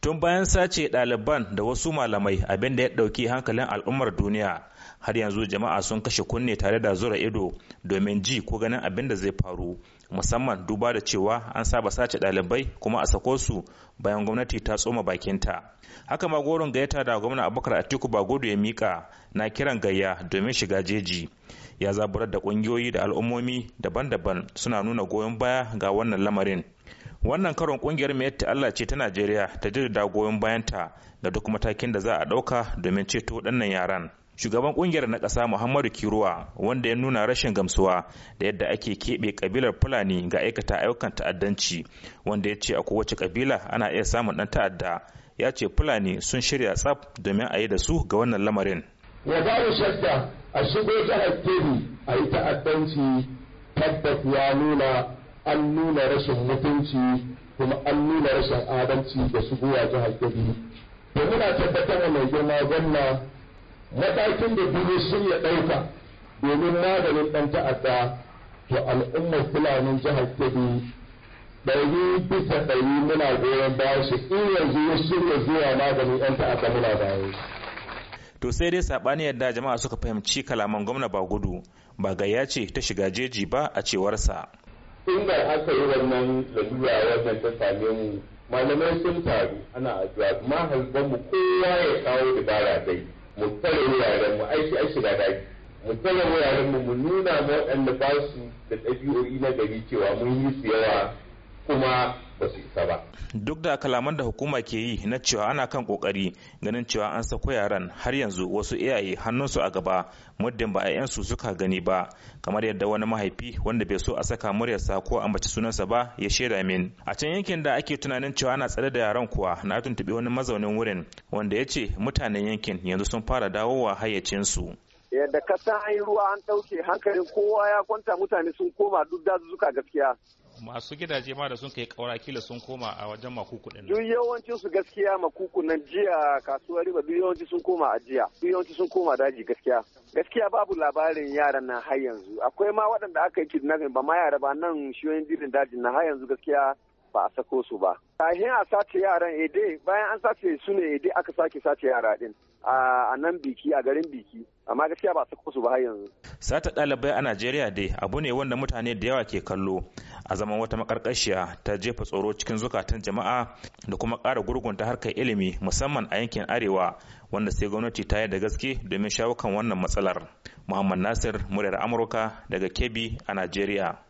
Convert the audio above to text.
tun bayan sace ɗaliban da wasu malamai abin da ya ɗauki hankalin al'ummar duniya har yanzu jama'a sun kashe kunne tare da zura ido domin ji ko ganin abin da zai faru musamman duba da cewa an saba sace ɗalibai kuma a sako su bayan gwamnati ta tsoma bakinta haka ma goron gayyata da gwamna abubakar atiku bagodo ya mika na kiran gayya domin shiga jeji ya zaburar da ƙungiyoyi da al'ummomi daban-daban suna nuna goyon baya ga wannan lamarin wannan karon kungiyar mai yadda Allah ce ta Najeriya ta jirda goyon bayanta da duk matakin da za a ɗauka domin ceto waɗannan yaran. Shugaban kungiyar na ƙasa Muhammadu Kiruwa wanda ya nuna rashin gamsuwa da yadda ake keɓe kabilar Fulani ga aikata ayyukan ta'addanci wanda ya ce a kowace kabila ana iya samun ɗan ta'adda ya ce Fulani sun shirya tsaf domin a yi da su ga wannan lamarin. Ya ba shakka a shigo jihar Kebbi a yi ta'addanci tabbas ya nuna an nuna rashin mutunci kuma an nuna rashin adalci da su shigowa jihar kebbi da muna tabbatar da mai girma gwamna matakin da biyu sun ya ɗauka domin maganin ɗan ta'adda to al'ummar fulanin jihar kebbi ɗari bisa ɗari muna goyon bayan in yanzu ya shirya zuwa maganin ɗan ta'adda muna bayan to sai dai saɓani yadda jama'a suka fahimci kalaman gwamna ba gudu ba gayya ce ta shiga jeji ba a cewarsa in da aka yi wannan lalura wannan ta same mu malamai sun taru ana addu'a amma halban mu kowa ya kawo dubara dai mu tare wuraren mu aiki a da dai mu tare wuraren mu mu nuna mu waɗanda ba su da ɗabi'o'i na gari cewa mun yi su yawa kuma ba su isa ba. Duk da kalaman da hukuma ke yi na cewa ana kan kokari ganin cewa an sako yaran har yanzu wasu iyaye hannunsu a gaba muddin ba su suka gani ba kamar yadda wani mahaifi wanda bai so a saka muryarsa ko a mace sunansa ba ya shaida min. A can yankin da ake tunanin cewa ana tsare da yaran kuwa na tuntuɓi wani mazaunin wurin wanda ya ce mutanen yankin yanzu sun fara dawowa hayyacinsu. Yadda ka yi ruwa an ɗauke hankalin kowa ya kwanta mutane sun koma duk dazuzzuka gaskiya. masu gidaje ma da sun kai kaura kila sun koma a wajen makuku din duk yawancin su gaskiya makuku nan jiya kasuwar riba duk yawanci sun koma a jiya duk yawanci sun koma daji gaskiya gaskiya babu labarin yaran na har yanzu akwai ma waɗanda aka yi kidnapping ba ma yara ba nan shiyoyin dirin daji na har yanzu gaskiya ba a sako su ba. Kahin a sace yaran ede eh bayan an sace su ne ede eh aka sake sace yara din. a nan biki a garin biki amma gaskiya ba su kusu ba yanzu sata ɗalibai a najeriya dai abu ne wanda mutane da yawa ke kallo a zaman wata makarkashiya ta jefa tsoro cikin zukatan jama'a da kuma ƙara gurgunta harkar ilimi musamman a yankin arewa wanda sai gwamnati ta yi da gaske domin shawo kan wannan matsalar muhammad nasir muryar amurka daga kebbi a najeriya